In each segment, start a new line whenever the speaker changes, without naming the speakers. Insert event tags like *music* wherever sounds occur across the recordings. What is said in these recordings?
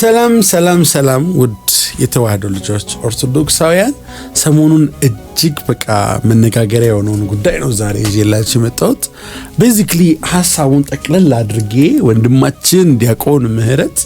ሰላም ሰላም ሰላም ውድ የተዋህዶ ልጆች ኦርቶዶክሳውያን፣ ሰሞኑን እጅግ በቃ መነጋገሪያ የሆነውን ጉዳይ ነው ዛሬ ይዤላችሁ የመጣሁት። ቤዚክሊ ሀሳቡን ጠቅለል አድርጌ ወንድማችን ዲያቆን ምህረት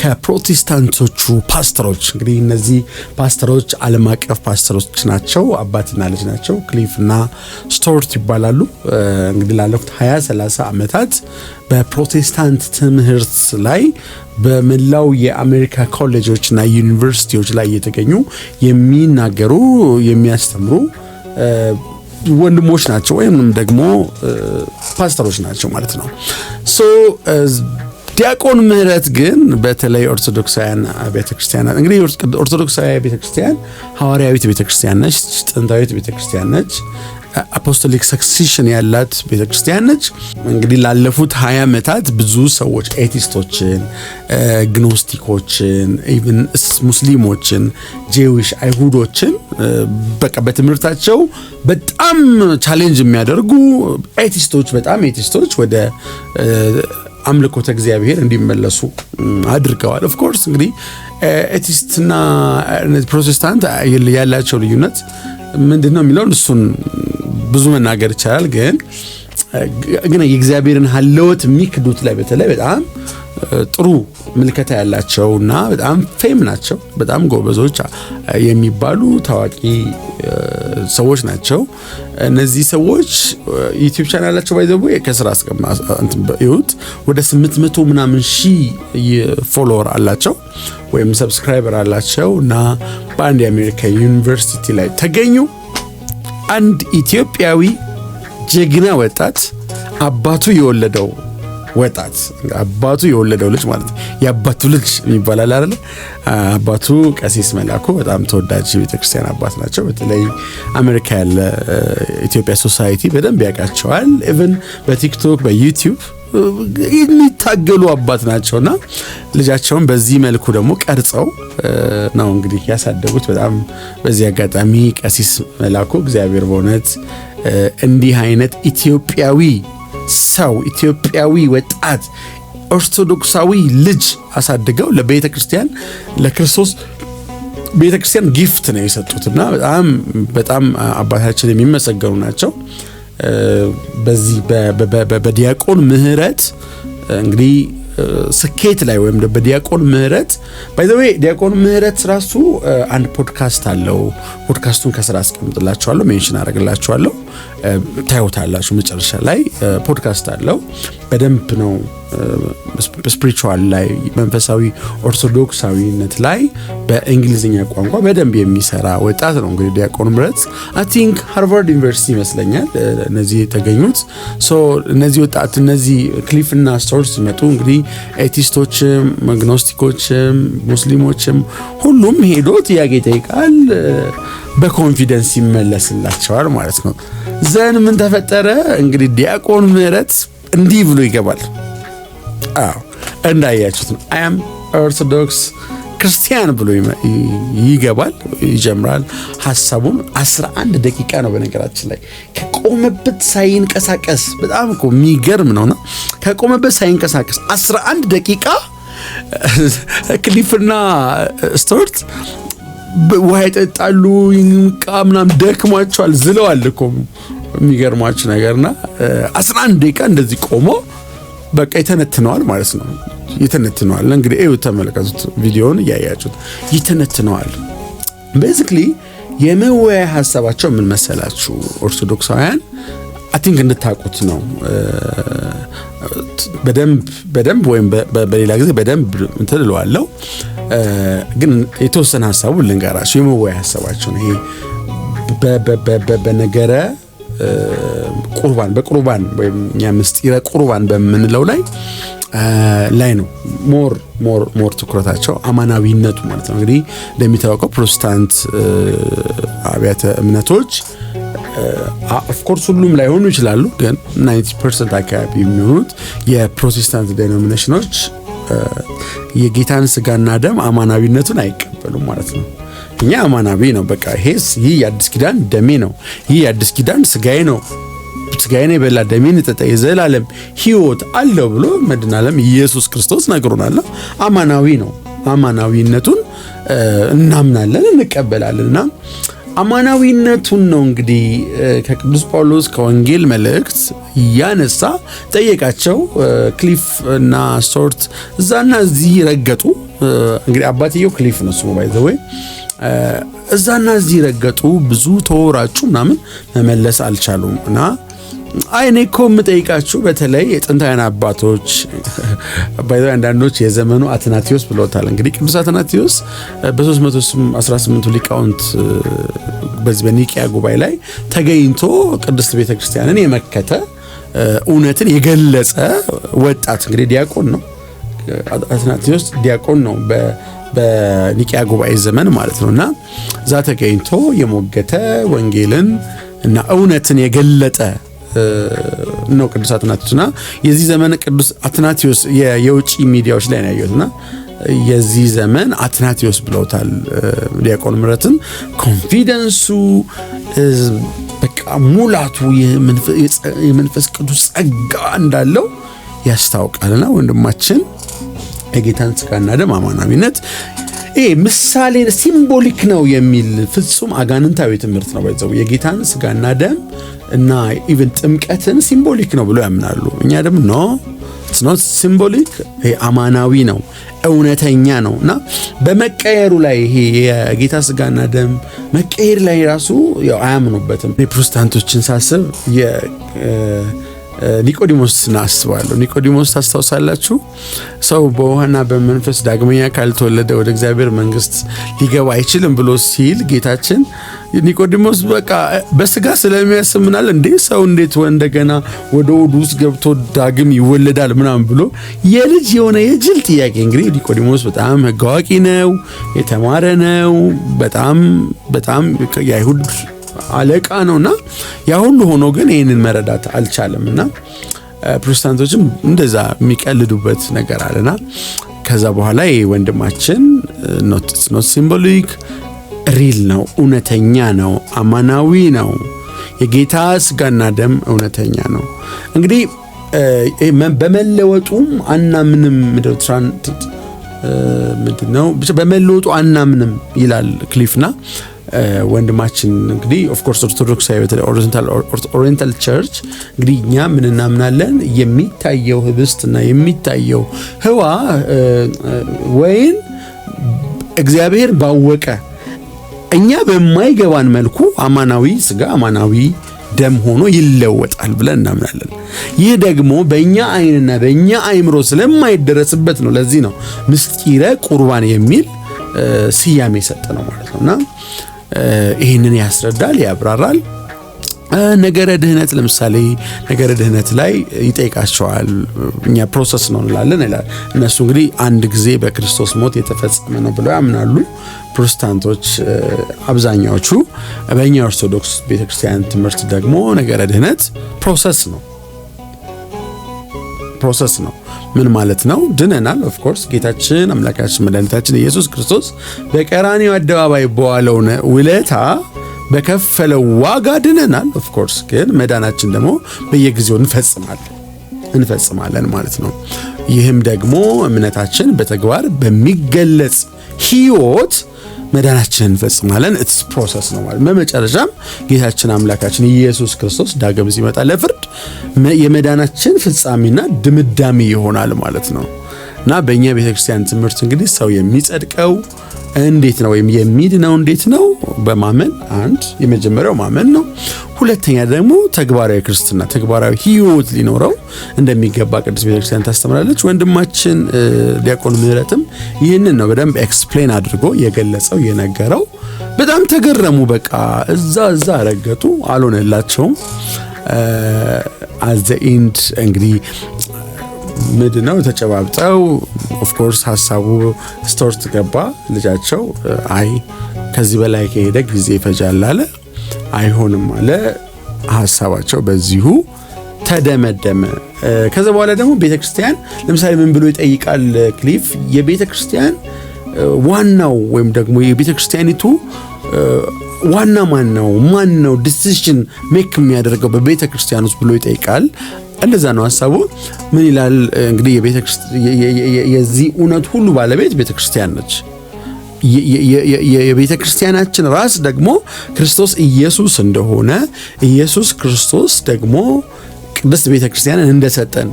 ከፕሮቴስታንቶቹ ፓስተሮች እንግዲህ እነዚህ ፓስተሮች ዓለም አቀፍ ፓስተሮች ናቸው። አባትና ልጅ ናቸው። ክሊፍና ስቶርት ይባላሉ። እንግዲህ ላለፉት 20 30 ዓመታት በፕሮቴስታንት ትምህርት ላይ በመላው የአሜሪካ ኮሌጆችና ዩኒቨርሲቲዎች ላይ እየተገኙ የሚናገሩ የሚያስተምሩ ወንድሞች ናቸው ወይም ደግሞ ፓስተሮች ናቸው ማለት ነው። ሶ ዲያቆን ምህረት ግን በተለይ ኦርቶዶክሳውያን ቤተክርስቲያናት እንግዲህ ኦርቶዶክሳዊ ቤተክርስቲያን ሐዋርያዊት ቤተክርስቲያን ነች፣ ጥንታዊት ቤተክርስቲያን ነች። አፖስቶሊክ ሰክሲሽን ያላት ቤተክርስቲያን ነች። እንግዲህ ላለፉት ሀያ ዓመታት ብዙ ሰዎች ኤቲስቶችን፣ ግኖስቲኮችን፣ ኢቭን ሙስሊሞችን፣ ጄዊሽ አይሁዶችን በቃ በትምህርታቸው በጣም ቻሌንጅ የሚያደርጉ ኤቲስቶች በጣም ኤቲስቶች ወደ አምልኮተ እግዚአብሔር እንዲመለሱ አድርገዋል። ኦፍኮርስ እንግዲህ ኤቲስትና ፕሮቴስታንት ያላቸው ልዩነት ምንድን ነው የሚለውን እሱን ብዙ መናገር ይቻላል ግን ግን የእግዚአብሔርን ሀለወት የሚክዱት ላይ በተለይ በጣም ጥሩ ምልከታ ያላቸውና በጣም ፌም ናቸው። በጣም ጎበዞች የሚባሉ ታዋቂ ሰዎች ናቸው። እነዚህ ሰዎች ዩቲዩብ ቻናላቸው ባይዘቡ ከስራ ይሁት ወደ 800 ምናምን ሺ ፎሎወር አላቸው ወይም ሰብስክራይበር አላቸው እና በአንድ የአሜሪካ ዩኒቨርሲቲ ላይ ተገኙ አንድ ኢትዮጵያዊ ጀግና ወጣት አባቱ የወለደው ወጣት አባቱ የወለደው ልጅ ማለት ነው። የአባቱ ልጅ ይባላል አይደለ? አባቱ ቀሲስ መላኩ በጣም ተወዳጅ ቤተክርስቲያን አባት ናቸው። በተለይ አሜሪካ ያለ ኢትዮጵያ ሶሳይቲ በደንብ ያውቃቸዋል። ኢቨን በቲክቶክ በዩቲዩብ የሚታገሉ አባት ናቸውና ልጃቸውን በዚህ መልኩ ደግሞ ቀርጸው ነው እንግዲህ ያሳደጉት። በጣም በዚህ አጋጣሚ ቀሲስ መላኩ እግዚአብሔር በእውነት እንዲህ አይነት ኢትዮጵያዊ ሰው ኢትዮጵያዊ ወጣት ኦርቶዶክሳዊ ልጅ አሳድገው ለቤተ ክርስቲያን ለክርስቶስ ቤተ ክርስቲያን ጊፍት ነው የሰጡት እና በጣም በጣም አባታችን የሚመሰገኑ ናቸው። በዚህ በዲያቆን ምህረት እንግዲህ ስኬት ላይ ወይም በዲያቆን ምህረት ባይዘዌ ዲያቆን ምህረት ራሱ አንድ ፖድካስት አለው። ፖድካስቱን ከስራ አስቀምጥላችኋለሁ፣ ሜንሽን አደረግላችኋለሁ፣ ታዩታላችሁ መጨረሻ ላይ ፖድካስት አለው። በደንብ ነው ስፕሪቹዋል ላይ መንፈሳዊ ኦርቶዶክሳዊነት ላይ በእንግሊዝኛ ቋንቋ በደንብ የሚሰራ ወጣት ነው። እንግዲህ ዲያቆን ምረት አይ ቲንክ ሃርቫርድ ዩኒቨርሲቲ ይመስለኛል እነዚህ የተገኙት። ሶ እነዚህ ወጣት እነዚህ እና ስቶር ሲመጡ እንግዲህ ኤቲስቶችም፣ አግኖስቲኮችም፣ ሙስሊሞችም ሁሉም ሄዶ ጥያቄ ይጠይቃል። በኮንፊደንስ ይመለስላቸዋል ማለት ነው። ዘን ምን ተፈጠረ እንግዲህ ዲያቆን ምረት እንዲህ ብሎ ይገባል። አዎ እንዳያችሁት አያም አም ኦርቶዶክስ ክርስቲያን ብሎ ይገባል፣ ይጀምራል። ሀሳቡም 11 ደቂቃ ነው። በነገራችን ላይ ከቆመበት ሳይንቀሳቀስ በጣም እኮ የሚገርም ነውና ከቆመበት ሳይንቀሳቀስ 11 ደቂቃ *laughs* ክሊፍና ስቱዋርት ውሃ ይጠጣሉ፣ ይንቃ ምናምን ደክሟቸዋል፣ ዝለዋል እኮ የሚገርማችሁ ነገርና 11 ደቂቃ እንደዚህ ቆሞ በቃ ይተነትነዋል ማለት ነው። ይተነትነዋል እንግዲህ እዩ፣ ተመለከቱት፣ ቪዲዮውን እያያችሁት ይተነትነዋል። ቤዚክሊ የመወያያ ሀሳባቸው ምን መሰላችሁ ኦርቶዶክሳውያን አቲንክ እንድታውቁት ነው። በደንብ በደንብ ወይም በሌላ ጊዜ በደንብ እንትልለዋለው፣ ግን የተወሰነ ሀሳቡ ልንገራቸው። የመወያያ ሀሳባቸው ነው ይሄ በነገረ ቁርባን በቁርባን ወይም እኛ ምስጢረ ቁርባን በምንለው ላይ ላይ ነው ሞር ሞር ሞር ትኩረታቸው አማናዊነቱ ማለት ነው። እንግዲህ እንደሚታወቀው ፕሮቴስታንት አብያተ እምነቶች ኦፍኮርስ ሁሉም ላይሆኑ ይችላሉ፣ ግን 90 ፐርሰንት አካባቢ የሚሆኑት የፕሮቴስታንት ዴኖሚኔሽኖች የጌታን ስጋና ደም አማናዊነቱን አይቀበሉም ማለት ነው። እኛ አማናዊ ነው። በቃ ይሄ ይህ የአዲስ ኪዳን ደሜ ነው። ይህ የአዲስ ኪዳን ስጋዬ ነው። ስጋዬን የበላ ደሜን የጠጣ የዘላለም ሕይወት አለው ብሎ መድኃኔ ኢየሱስ ክርስቶስ ነግሮናል። አማናዊ ነው። አማናዊነቱን እናምናለን፣ እንቀበላለን እና አማናዊነቱን ነው እንግዲህ ከቅዱስ ጳውሎስ ከወንጌል መልእክት እያነሳ ጠየቃቸው። ክሊፍ እና ሶርት እዛና እዚህ ረገጡ። እንግዲህ አባትየው ክሊፍ ነው ስሙ ባይ ዘ ወይ እዛና እዚህ ረገጡ፣ ብዙ ተወራጩ፣ ምናምን መመለስ አልቻሉም እና እኔ እኮ የምጠይቃችሁ በተለይ የጥንታውያን አባቶች አባይዛ *laughs* አንዳንዶች የዘመኑ አትናቴዎስ ብለውታል። እንግዲህ ቅዱስ አትናቴዎስ በ318 ሊቃውንት በዚህ በኒቅያ ጉባኤ ላይ ተገኝቶ ቅድስት ቤተ ክርስቲያንን የመከተ እውነትን የገለጸ ወጣት እንግዲህ ዲያቆን ነው። አትናቴዎስ ዲያቆን ነው። በኒቅያ ጉባኤ ዘመን ማለት ነው እና እዛ ተገኝቶ የሞገተ ወንጌልን እና እውነትን የገለጠ ነው ቅዱስ ና የዚህ ዘመን ቅዱስ አትናቲዮስ የውጭ ሚዲያዎች ላይ ነው ያየሁትና የዚህ ዘመን አትናቲዎስ ብለውታል ዲያቆን ምረትን ኮንፊደንሱ በቃ ሙላቱ የመንፈስ ቅዱስ ጸጋ እንዳለው ያስታውቃልና ወንድማችን የጌታን ስጋና ደም አማናዊነት ይሄ ምሳሌ ሲምቦሊክ ነው የሚል ፍጹም አጋንንታዊ ትምህርት ነው። ባይዘው የጌታን ስጋና ደም እና ኢቭን ጥምቀትን ሲምቦሊክ ነው ብሎ ያምናሉ። እኛ ደግሞ ኖ ስኖት ሲምቦሊክ አማናዊ ነው፣ እውነተኛ ነው እና በመቀየሩ ላይ ይሄ የጌታ ስጋና ደም መቀየር ላይ ራሱ ያው አያምኑበትም። ፕሮቴስታንቶችን ሳስብ ኒቆዲሞስን አስባለሁ። ኒቆዲሞስ ታስታውሳላችሁ? ሰው በውሃና በመንፈስ ዳግመኛ ካልተወለደ ወደ እግዚአብሔር መንግስት ሊገባ አይችልም ብሎ ሲል ጌታችን ኒቆዲሞስ በቃ በስጋ ስለሚያስብ ምናል እንዴ ሰው እንዴት እንደገና ወደ ሆድ ውስጥ ገብቶ ዳግም ይወለዳል ምናምን ብሎ የልጅ የሆነ የጅል ጥያቄ። እንግዲህ ኒቆዲሞስ በጣም ህግ አዋቂ ነው፣ የተማረ ነው። በጣም በጣም የአይሁድ አለቃ ነውና ያ ሁሉ ሆኖ ግን ይህንን መረዳት አልቻለም እና ፕሮቴስታንቶችም እንደዛ የሚቀልዱበት ነገር አለና ከዛ በኋላ ይህ ወንድማችን ኖት ኖት ሲምቦሊክ ሪል ነው፣ እውነተኛ ነው፣ አማናዊ ነው። የጌታ ስጋና ደም እውነተኛ ነው። እንግዲህ በመለወጡም አናምንም ምድር ምንድን ነው በመለወጡ አናምንም ይላል ክሊፍና ወንድማችን እንግዲህ ኦፍኮርስ ኦርቶዶክስ ኦሪንታል ቸርች እንግዲህ እኛ ምን እናምናለን? የሚታየው እና የሚታየው ህዋ ወይን እግዚአብሔር ባወቀ እኛ በማይገባን መልኩ አማናዊ ስጋ አማናዊ ደም ሆኖ ይለወጣል ብለን እናምናለን። ይህ ደግሞ በእኛ አይንና በእኛ አይምሮ ስለማይደረስበት ነው። ለዚህ ነው ምስጢረ ቁርባን የሚል ስያሜ የሰጠ ነው ማለት ነውና ይህንን ያስረዳል፣ ያብራራል። ነገረ ድህነት ለምሳሌ ነገረ ድህነት ላይ ይጠይቃቸዋል። እኛ ፕሮሰስ ነው እንላለን ይላል። እነሱ እንግዲህ አንድ ጊዜ በክርስቶስ ሞት የተፈጸመ ነው ብለው ያምናሉ። ፕሮቴስታንቶች አብዛኛዎቹ፣ በእኛ ኦርቶዶክስ ቤተክርስቲያን ትምህርት ደግሞ ነገረ ድህነት ፕሮሰስ ነው ፕሮሰስ ነው። ምን ማለት ነው? ድነናል። ኦፍኮርስ ጌታችን አምላካችን መድኃኒታችን ኢየሱስ ክርስቶስ በቀራኒው አደባባይ በዋለው ውለታ በከፈለው ዋጋ ድነናል። ኦፍኮርስ ግን መዳናችን ደግሞ በየጊዜው እንፈጽማለን እንፈጽማለን ማለት ነው። ይህም ደግሞ እምነታችን በተግባር በሚገለጽ ሕይወት መዳናችንን እንፈጽማለን። ኢትስ ፕሮሰስ ነው ማለት። በመጨረሻም ጌታችን አምላካችን ኢየሱስ ክርስቶስ ዳግም ሲመጣ ለፍርድ የመዳናችን ፍጻሜና ድምዳሜ ይሆናል ማለት ነው እና በእኛ ቤተክርስቲያን ትምህርት እንግዲህ ሰው የሚጸድቀው እንዴት ነው ወይም የሚድነው እንዴት ነው? በማመን አንድ የመጀመሪያው ማመን ነው። ሁለተኛ ደግሞ ተግባራዊ ክርስትና ተግባራዊ ህይወት ሊኖረው እንደሚገባ ቅዱስ ቤተክርስቲያን ታስተምራለች። ወንድማችን ዲያቆን ምህረትም ይህንን ነው በደንብ ኤክስፕሌን አድርጎ የገለጸው የነገረው። በጣም ተገረሙ። በቃ እዛ እዛ ረገጡ፣ አልሆነላቸውም። አዘ ኢንድ እንግዲህ ምድ ነው ተጨባብጠው። ኦፍኮርስ ሀሳቡ ስቶርት ገባ። ልጃቸው አይ ከዚህ በላይ ከሄደ ጊዜ ይፈጃል አለ። አይሆንም አለ። ሀሳባቸው በዚሁ ተደመደመ። ከዛ በኋላ ደግሞ ቤተ ክርስቲያን ለምሳሌ ምን ብሎ ይጠይቃል ክሊፍ? የቤተ ክርስቲያን ዋናው ወይም ደግሞ የቤተ ክርስቲያኒቱ ዋና ማን ነው? ማን ነው ዲሲሽን ሜክ የሚያደርገው በቤተ ክርስቲያን ውስጥ ብሎ ይጠይቃል። እንደዛ ነው ሀሳቡ። ምን ይላል እንግዲህ የዚህ እውነት ሁሉ ባለቤት ቤተ ክርስቲያን ነች። የቤተ ክርስቲያናችን ራስ ደግሞ ክርስቶስ ኢየሱስ እንደሆነ ኢየሱስ ክርስቶስ ደግሞ ቅድስት ቤተ ክርስቲያንን እንደሰጠን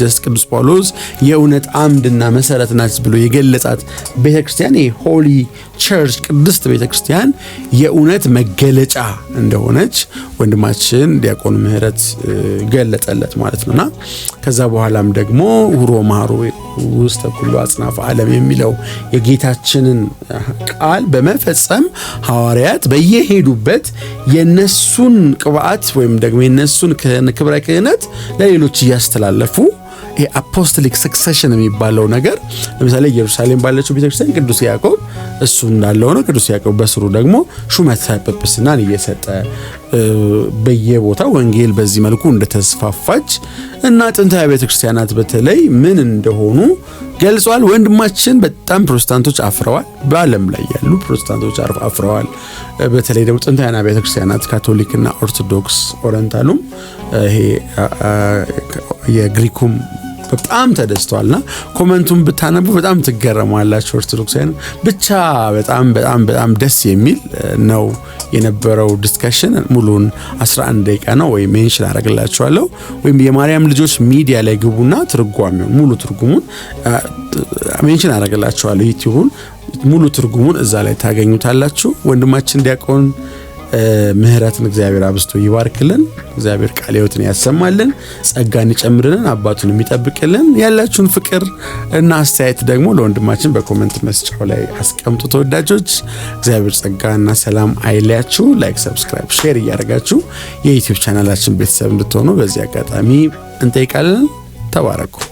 ጀስት ቅዱስ ጳውሎስ የእውነት አምድና መሰረት ናት ብሎ የገለጻት ቤተ ክርስቲያን የሆሊ ቸርች ቅድስት ቤተ ክርስቲያን የእውነት መገለጫ እንደሆነች ወንድማችን ዲያቆን ምህረት ገለጸለት ማለት ነውና ከዛ በኋላም ደግሞ ሁሮ ማሮ ውስተ ኩሉ አጽናፈ ዓለም የሚለው የጌታችንን ቃል በመፈጸም ሐዋርያት በየሄዱበት የነሱን ቅብአት ወይም ደግሞ የነሱን ክብረ ክህነት ለሌሎች እያስተላለፉ የአፖስቶሊክ ሰክሰሽን የሚባለው ነገር ለምሳሌ ኢየሩሳሌም ባለችው ቤተክርስቲያን ቅዱስ ያዕቆብ እሱ እንዳለ ሆነ ቅዱስ ያዕቆብ በስሩ ደግሞ ሹመተ ጵጵስናን እየሰጠ በየቦታው ወንጌል በዚህ መልኩ እንደተስፋፋች እና ጥንታዊ ቤተ ክርስቲያናት በተለይ ምን እንደሆኑ ገልጿል። ወንድማችን በጣም ፕሮቴስታንቶች አፍረዋል። በዓለም ላይ ያሉ ፕሮቴስታንቶች አፍረዋል። በተለይ ደግሞ ጥንታዊና ቤተ ክርስቲያናት ካቶሊክና ኦርቶዶክስ ኦረንታሉም ይሄ የግሪኩም በጣም ተደስቷልና ኮመንቱን ብታነቡ በጣም ትገረማላችሁ። ኦርቶዶክሳውያን ብቻ በጣም በጣም በጣም ደስ የሚል ነው የነበረው ዲስከሽን። ሙሉን 11 ደቂቃ ነው ወይም ሜንሽን አደርግላችኋለሁ። ወይም የማርያም ልጆች ሚዲያ ላይ ግቡና ትርጓሜውን ሙሉ ትርጉሙን ሜንሽን አደርግላችኋለሁ። ዩቲዩቡን ሙሉ ትርጉሙን እዛ ላይ ታገኙታላችሁ። ወንድማችን ዲያቆን ምህረትን እግዚአብሔር አብስቶ ይባርክልን። እግዚአብሔር ቃለ ሕይወትን ያሰማልን፣ ጸጋን ይጨምርልን፣ አባቱን የሚጠብቅልን። ያላችሁን ፍቅር እና አስተያየት ደግሞ ለወንድማችን በኮመንት መስጫው ላይ አስቀምጡ። ተወዳጆች እግዚአብሔር ጸጋና ሰላም አይለያችሁ። ላይክ፣ ሰብስክራይብ፣ ሼር እያደረጋችሁ የዩቲዩብ ቻናላችን ቤተሰብ እንድትሆኑ በዚህ አጋጣሚ እንጠይቃለን። ተባረኩ።